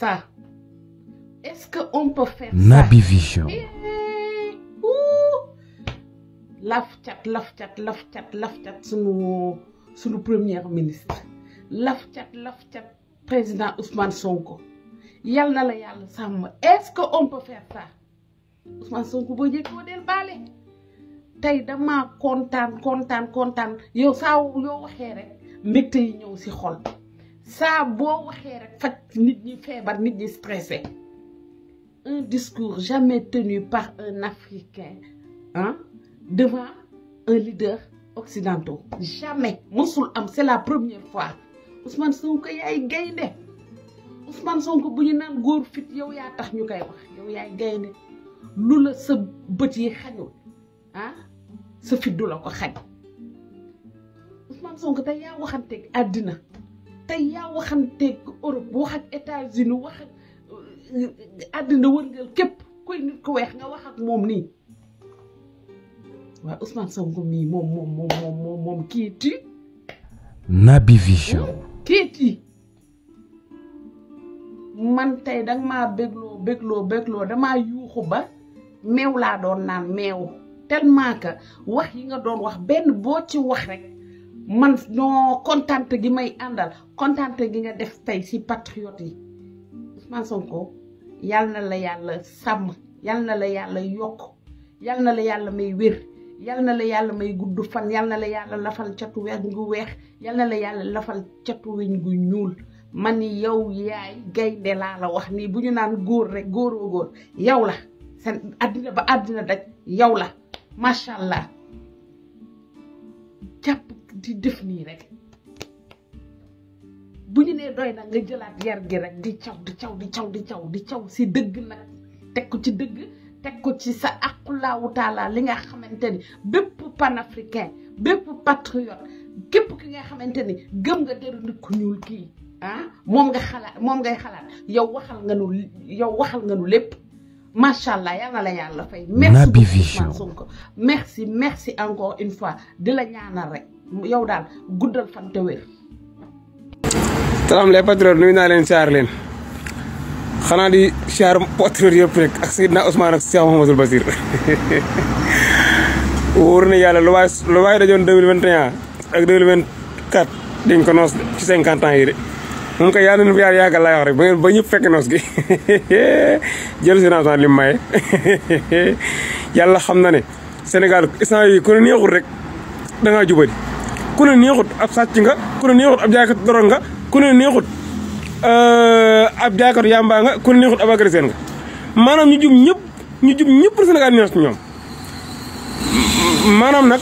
ça Est-ce qu'on peut faire Nabi ça Vision. Et... Eh, laf cat laf cat laf cat laf le premier ministre laf chat, laf chat, président Ousmane Sonko yal na la yàlla est-ce qu'on peut faire ça Ousmane Sonko boo njëkkoo del balé? tey damaa kontaan kontaan kontaan Yo, saa yow waxee rek mbégte yi ñëw si xol. Ça beau waxee rek faj nit ñi nit ñi stressé un discours jamais tenu par un africain hein, devant un leader occidental. jamais mosul am c'est la première fois Ousmane Sonko yaay gaynde Ousmane Sonko bu ñu naan góor fit yow ya tax ñu koy wax yow yaay gaynde lu la sa bët yi xañu hein sa fit dula ko xañ Ousmane Sonko tay ya waxante adina tey yaa waxanteeg Europe wax ak États-Unis wax ak euh, àddina wërngal képp kuy nit ku weex nga wax ak moom nii waaye Ousmane Sonko mii moom moom moom moom moom kii ti Naby Vision man tey danga maa bégloo bégloo bégloo damaa yuuxu ba meew laa doon naan meew tellement que wax yi nga doon wax benn boo ci wax rek man non kontante gi may àndal kontante gi nga def tey ci patriote yi Ousmane Sonko yal na la yàlla sàmm yal na la yàlla yokk yal na la yàlla may wér yal na la yàlla may gudd fan yal na la yàlla lafal catu weñ gu weex yal na la yàlla lafal catu weñ gu ñuul ma ni yow yaay gaynde laa la wax nii bu ñu naan góor rek góoroo góor yow la seen àddina ba àddina daj yow la macha allah. japp di def ni rek bu ñu né doy na nga jëlaat yar gi rek di caw di caw di caw di caw di caw si dëgg nak tek ko ci dëgg tek ko ci sa aqulaawu taala li nga xamanteni ni pan panafricain bépp patriote képp ki nga xamanteni ni gëm nga deru nit ku ñuul ki ah mom nga xala mom ngay xalaat yow waxal nga nu yow waxal nga nu lepp macha allah yalla la fay. Naby Vision merci merci encore une fois de la ñaanal rek yow dal guddal fan te wër salaam les patriotes nuyu na len siyaar len xana di siyaar patriotes yëpp rek ak Seydina Ousmane ak Cheikh Mouhamadou Bassir wóor na yàlla lu waay lu waay dajoon 2021 ak 2024 dañ ko nos ci 50 ans yi rek mun ko yaanu nañu fi yaar yaakaar laa wax rek ba ngeen ba ñëpp fekk nos gi jël si naa li may yalla xam na ne senegal instant yi ku ne neexut rek da nga jubali ku ne neexut ab sàcc nga ku ne neexut ab jaakat doro nga ku ne neexut euh, ab jaakat yamba nga ku ne neexut ab agresseur nga manam ñu jub ñëpp ñu jub ñëpp senegal ñu ci ñoom maanaam nag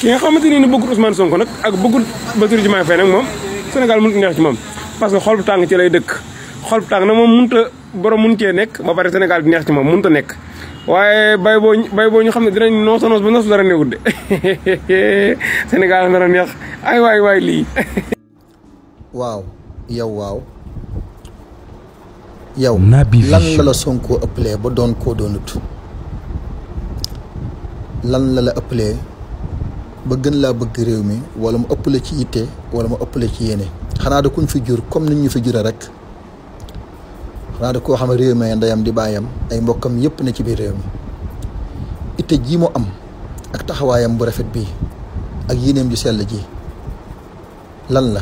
ki nga xamanteni ni bëggul Ousmane Sonko nak ak bëggul Bassirou Diomaye Faye nag moom Sénégal mënut neex ci mom parce que xol bu tàng ci lay dëkk xol bu na moom munut a borom mun cee nekk ba pare Sénégal di neex ci moom mënut a nekk. waaye bay boo bay boo ñu xam ne dinañ noosa noos ba noosu dara neewut de Sénégal dara neex ay waay waay lii. waaw yow waaw. yow lan la la sonkoo ëppalee ba doon koo doonut lan la la ëppalee ba gën laa bëgg réew mi wala mu ëpp la ci yitte wala mu ëpp la ci yéene. xanaa da kuñ fi jur comme ni ñu fi jure rek xanaa da koo xam ne réew mi ndeyam di baayam ay mbokkam yëpp ne ci biir réew mi itte jii mu am ak taxawaayam bu rafet bii ak yéeneem ju sell ji lan la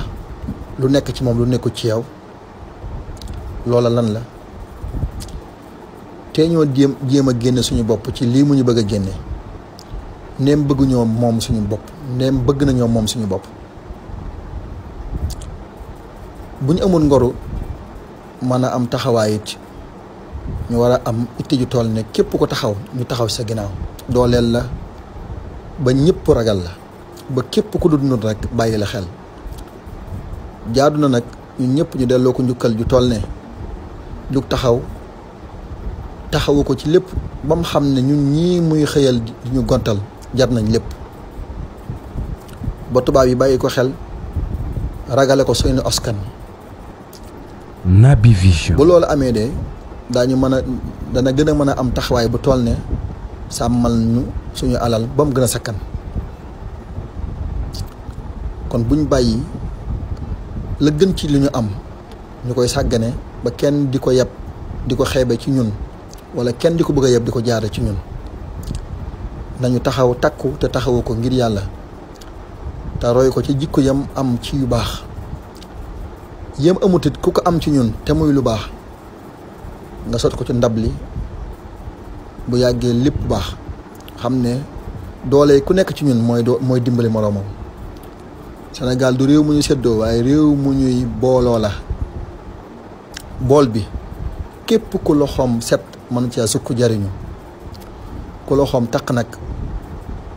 lu nekk ci moom lu nekku ci yow loola lan la te ñoo jéem jéem a génne suñu bopp ci lii mu ñu bëgg a génne neem bëgguñoo moom suñu bopp neem bëgg nañoo moom suñu bopp bu ñu amoon ngoru mën a am taxawaayit ñu war a am itti ju tool ne képp ko taxaw ñu taxaw sa ginnaaw dooleel la ba ñëpp ragal la ba képp ku dund rek bàyyi la xel jaadu na nag ñun ñëpp ñu delloo ko njukkal ju tool ne jug taxaw taxawu ko ci lépp ba mu xam ne ñu ñii muy xëyal di ñu gontal jar nañ lépp ba tubaab yi bàyyi ko xel ragale ko seeni askan Naby Vision. bu loolu amee de daañu mën a dana gën a mën a am taxawaay bu tool ne sàmmal ñu suñu alal ba mu gën a sakkan kon buñ bàyyi la gën ci li ñu am ñu koy sàggane ba kenn di ko yeb di ko xeebe ci ñun wala kenn di ko bëgg a yeb di ko jaare ci ñun nañu taxaw takku te taxawu ko ngir yàlla te roy ko ci jikko yam am ci yu baax Yam amutit kuka am ci ñun te muy lu baax nga sot ko ci ndab li bu yàggee lépp baax xam ne doole ku nekk ci ñun doo dimbali moroomam Sénégal du réew mu ñu séddoo waaye réew mu la bool bi képp ku set mën cee sukk jariñu ku loxoom taq nag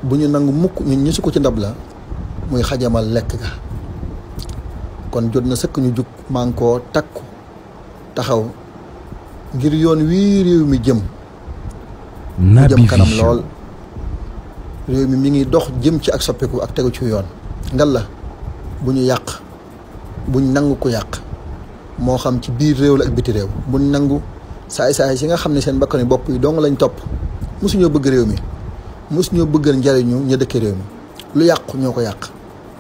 bu ñu mukk ñun ñu sukk ci ndab muy xajamal ga kon jot na ñu man koo takku taxaw ngir yoon wii réew mi jëm mu jëm kanam lool réew mi mi ngi dox jëm ci ak soppiku ak tegu ci yoon ngal la bu ñu yàq buñ nangu ko yàq moo xam ci biir réew la ak biti réew bu nangu saay-saay si nga xam ne seen bakkan yi bopp yi dong lañ topp mosuñoo bëgg réew mi mosuñoo bëggal njariñu ña dëkk réew mi lu yàqu ñoo ko yàq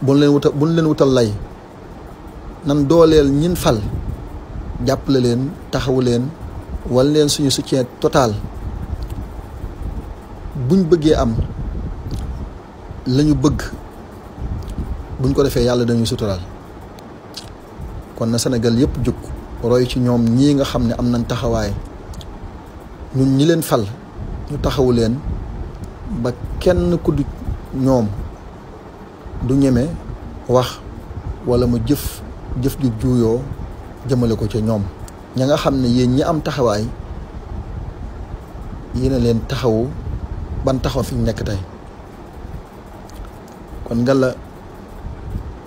buñ leen wutal buñ leen wutal lay nan dooleel ñin fal jàppale leen taxawu leen wal leen suñu soutien total buñ bëggee am lañu bëgg buñ ko defee yàlla dañuy suturaal kon na senegal yëpp jóg roy ci ñoom ñii nga xam ne am nañ taxawaay ñun ñi leen fal ñu taxawu leen ba kenn ku du ñoom du ñeme wax wala mu jëf jëf ju juuyoo jëmale ko ci ñoom ña nga xam ne yéen ñi am taxawaay yéena leen taxawu ban taxaw fi nekk tey kon nga la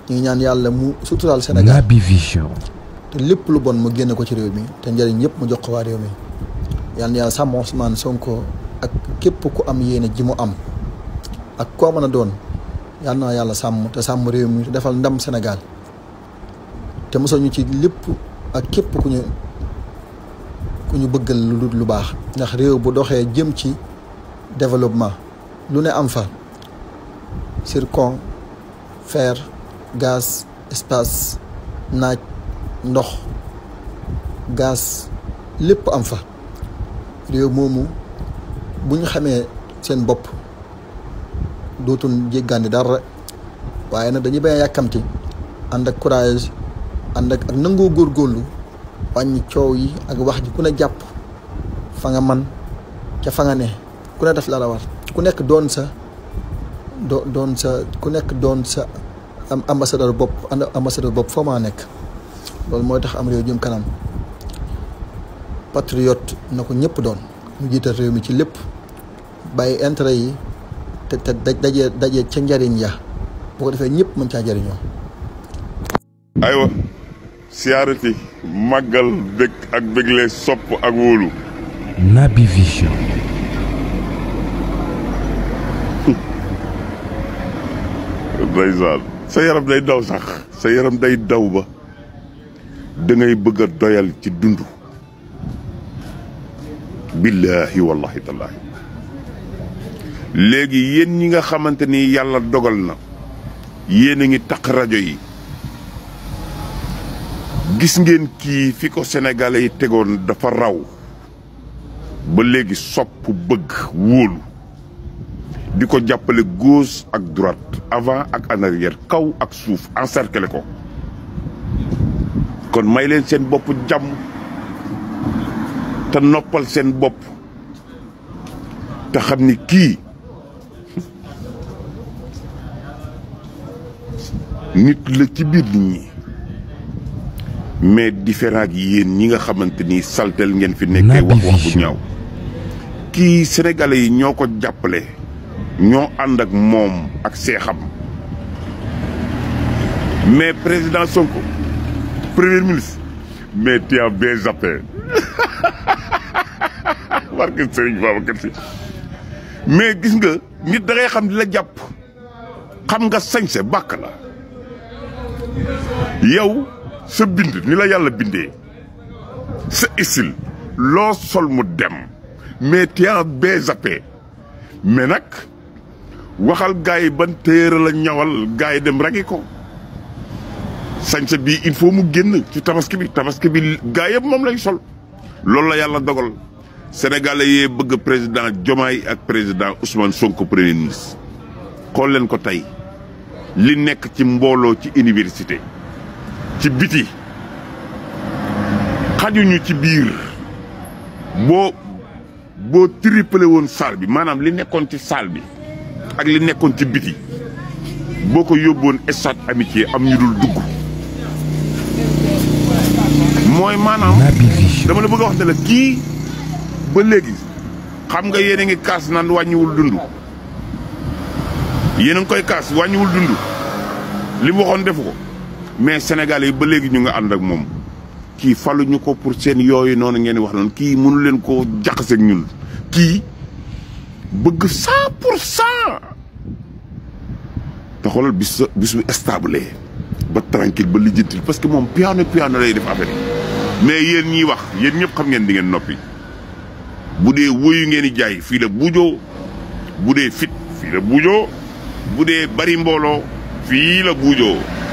ñu ngi ñaan yàlla mu suturaal Sénégal Naby Vision te lépp lu bon mu génn ko ci réew mi te njëriñ yëpp mu jox ko waa réew mi yàlla na yàlla sàmm Ousmane Sonko ak képp ku am yéene ji mu am ak koo mën a doon yàlla na yàlla sàmm te sàmm réew mi te defal ndam Sénégal te mosal ñu ci lépp ak képp ku ñu ku ñu bëggal lu lu baax ndax réew bu doxee jëm ci développement lu ne am fa zircon fer gaz espace naaj ndox gaz lépp am fa réew moomu bu ñu xamee seen bopp dootu jéggaandi dara waaye na dañu bañ a yàkkamti ànd courage ànd ak ak gor golu wañ ciow yi ak wax ji ku ne fa nga man ca fa nga ne kuna ne def la la war ku nek don sa do sa ku nek don sa am ambassadeur bopp ambassadeur bop fo ma nek lol moy tax am rew jëm kanam patriote nako ñepp don, doon mu jiital mi ci lepp bay intérêt yi te te dajé dajé ci ndariñ ya bu ko defé ñepp mën aywa siyaarati màggal bég ak bégle sopp ak wóolu. sa yaram day dow sax sa yaram day daw ba da ngay bëgg doyal ci dund. billaahi wallaahi tallaahi léegi yéen ñi nga xamante ni yàlla dogal na yéen a ngi taq rajo yi. gis ngeen kii fi ko sénégalais yi tegoon dafa raw ba léegi sopp bëgg wóolu di ko jàppale gauche ak droite avant ak en arrière kaw ak suuf encercler ko kon may leen seen bopp jàmm te noppal seen bopp te xam ni kii nit la ci biir nit mais différent ak yéen ñi nga xamante ni saltel ngeen fi nekkee wax wax bu ñaaw kii sénégalais yi ñoo ko jàppale ñoo ànd ak moom ak seexam mais président Sonko premier ministre mais tu as bien zappé barke Serigne mais gis nga nit da xam di la jàpp xam nga sañse bàkk la yow sa bind ni la yàlla bindee sa isil loo sol mu dem mais tian bee mais nag waxal gars yi ban téere la ñawal gars yi dem ragi ko sañse bi il faut mu génn ci tabaski bi tabaski bi gars yëpp moom lañ sol loolu la yàlla dogal sénégalais yee bëgg président Diomaye ak président Ousmane Sonko premier ministre xool leen ko tey li nekk ci mbooloo ci université ci biti xajuñu ci biir boo boo triplé woon salle bi maanaam li nekkoon ci salle bi ak li nekkoon ci biti boo ko yóbboon stade amitié am ñu dul dugg mooy maanaam dama la bëgg a kii ba léegi xam nga yéen a ngi kaas naan wàññiwul dund yéen a ngi koy kaas wàññiwul dund li mu waxoon mais sénégalais yi ba légui ñu nga and ak mom ki faluñu ñuko pour sen yooyu non ngeen wax non ki mënu leen koo ak ñun ki bëgg 100% pour bis bis ba tranquille ba lijjantil parce que mom piano piano lay def affaire yi mais yen ñiy wax yéen ñëpp xam ngeen di ngeen noppi bu dee ngeen di jaay fii la fit fii la bude bu dee bari la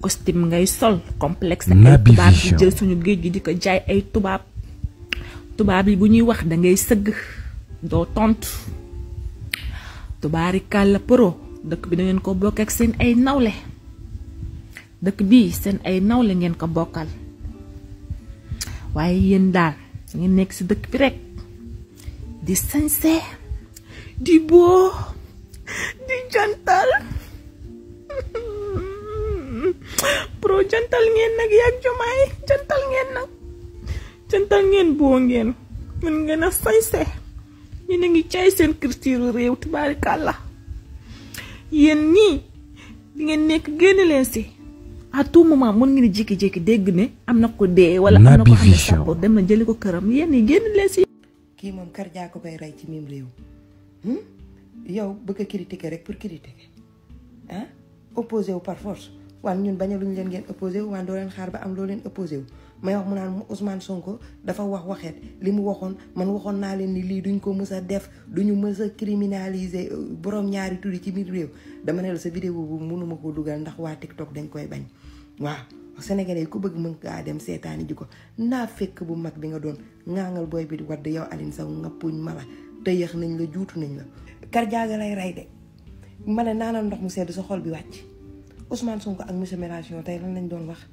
Kostim ngay sol complexe ay tuba bi jël suñu geej gi di jaay ay tuba tubaab bi bu ñuy wax da ngay seug do tonte tubarikal pro dekk bi da ngeen ko bokk ak seen ay nawle dekk bi seen ay nawle ngeen ko bokkal waye yeen daal ngeen nek ci dekk bi rek di sincère di beau di jantal bro jantal ngeen nag yàgg ya, jumaay jantal eh, ngeen nag jantal ngeen boo ngeen mën ngeen a sañse yéen a ngi chay sen kristiru rew. tubaarikàlla yéen ñii di ngeen nekk génn len si à tout moment mën ngeen a jékki ne am na ko de. wala am na ko xam ne dem na jeli ko karam. yéen ni génn len si Ki moom kar jaa ko koy rey ci rew. Hmm? yow bëgg critiquer rek pour critiquer ah opposé wu par force waa ñun bañ a luñ leen ngeen opposé wu wan doo leen xaar ba am loo leen opposé wu may wax mu naan Ousmane Sonko dafa wax waxeet li mu waxoon man waxoon naa leen ni lii duñ ko mës a def duñu mës a criminaliser euh, borom ñaari turi ci biir réew dama ne la sa vidéo bu mënuma ko dugal ndax waa TikTok dañ koy bañ waaw Sénégalais yi ku bëgg mën ngaa dem seetaani ji ko naa fekk bu mag bi nga doon ŋaangal booy bi wadd yow Aline Sow ngappuñ ma la te yéex nañ la juutu nañ la. kar jaaga lay rey de ma ne naanal ndox mu sedd sa xol bi wàcc. Ousmane Sonko ak monsieur Mélenchon tay lan lañ doon wax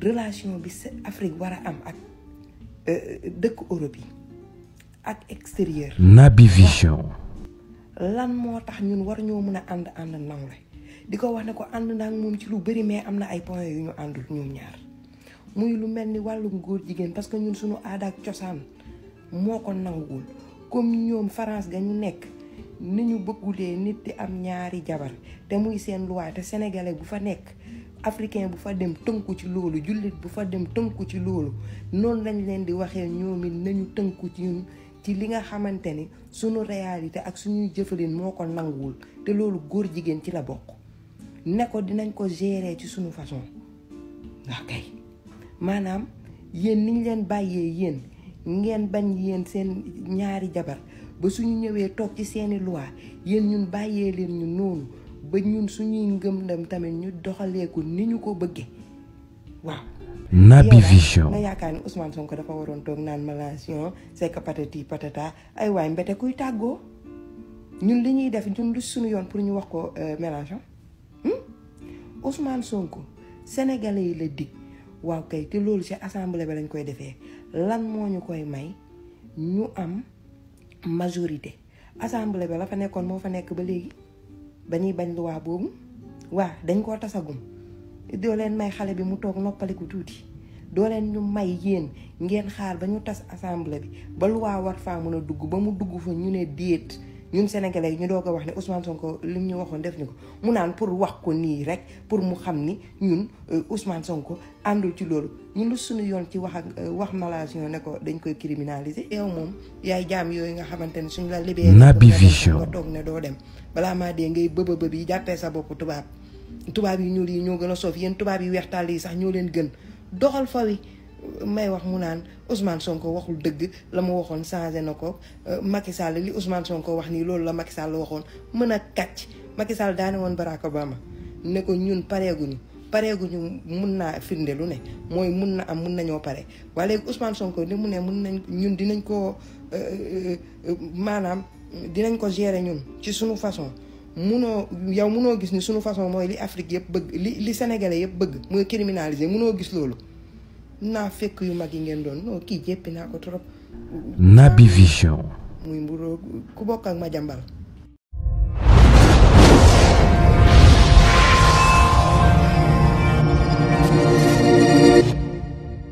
relation bi Afrique wara am ak euh, dëkk Europe at ak extérieur. nabi Vision. lan motax ñun war ñoo mëna and and nang lay diko wax ne ko ànd naa mom ci lu bëri mais am na ay points yu ñu àndul ñoom ñaar muy lu melni ni wàllum jigen parce que ñun suñu ada ak ciosan moko nangul comme ñoom France ga ñu nekk. ni ñu bëggulee nit di am ñaari jabar te muy seen loi te sénégalais bu fa nekk africain bu fa dem tënku ci loolu jullit bu fa dem tënku ci loolu noonu lañ leen di waxee ñoom it nañu tënku ci ci li nga xamante ni suñu réalité ak suñuy jëfalin moo ko nanguwul te loolu góor jigéen ci la bokk ne ko dinañ ko gérer ci suñu façon ndax kay maanaam yéen niñ leen bàyyee yéen ngeen bañ yéen seen ñaari jabar ba suñu ñëwee toog ci seeni loi yéen ñun bàyyee leen ñu noonu ba ñun suñuy ngëm ndam tamit ñu ko ni ñu ko bëggee waaw nabi Vision nga yaakaar ni Ousmane Sonko dafa waroon toog naan malation c'est que patati patata ay waay mbete kuy tàggoo ñun li ñuy def ñun lu suñu yoon pour ñu wax ko euh, Mélenchon hmm? Ousmane Sonko sénégalais yi la dig waaw kay te loolu ci assemblée bi lañ koy defee lan moo ñu koy may ñu am majorité assemblée bi la fa nekkoon moo fa nekk ba léegi ba ñuy bañ luwaa boobu waa dañ koo tasagum doo leen may xale bi mu toog noppaliku tuuti doo leen ñu may yéen ngeen xaar ba ñu tas assemblée bi ba luwaa war faa mun a dugg ba mu dugg fa ñu ne déet ñun sénégalais yi ñu doo ko wax ne Ousmane Sonko li ñu waxoon def ñu ko mu naan pour wax ko nii rek pour mu xam ni ñun euh, Ousmane Sonko àndul ci loolu ñun lu suñu yoon ci wax ak euh, wax Malasio ne ko dañ koy criminaliser. yow moom yaay jaam yooyu nga xamante ne suñu la libéré. Naby Vision nga toog ne doo dem balaa maa dee ngay bëba bëb yi jàppee sa bopp tubaab tubaab yi ñuul yi ñoo gën a soof yéen tubaab yi weextaal yi sax ñoo leen gën doxal fa wi may wax mu naan Ousmane Sonko waxul dëgg la mu waxoon changé na ko euh, Macky Sall li Ousmane Sonko wax nii loolu la Macky la waxoon mën a kàcc Macky Sall daane woon Barack Obama ne ko ñun pareeguñu ñu mun naa firnde lu ne mooy mun na am mun nañoo pare waaye léegi Ousmane Sonko ni mu ne mun nañ ñun dinañ ko euh, euh, maanaam dinañ ko gérer ñun ci suñu façon munoo yow munoo gis ni suñu façon mooy li Afrique yëpp bëgg li li sénégale yëpp bëgg mooy criminaliser munoo gis naa fekk yu mag yi ngeen doon non kii jéppi naa ko trop. Naby Vision. muy mburoog ku bokk ak ma jàmbal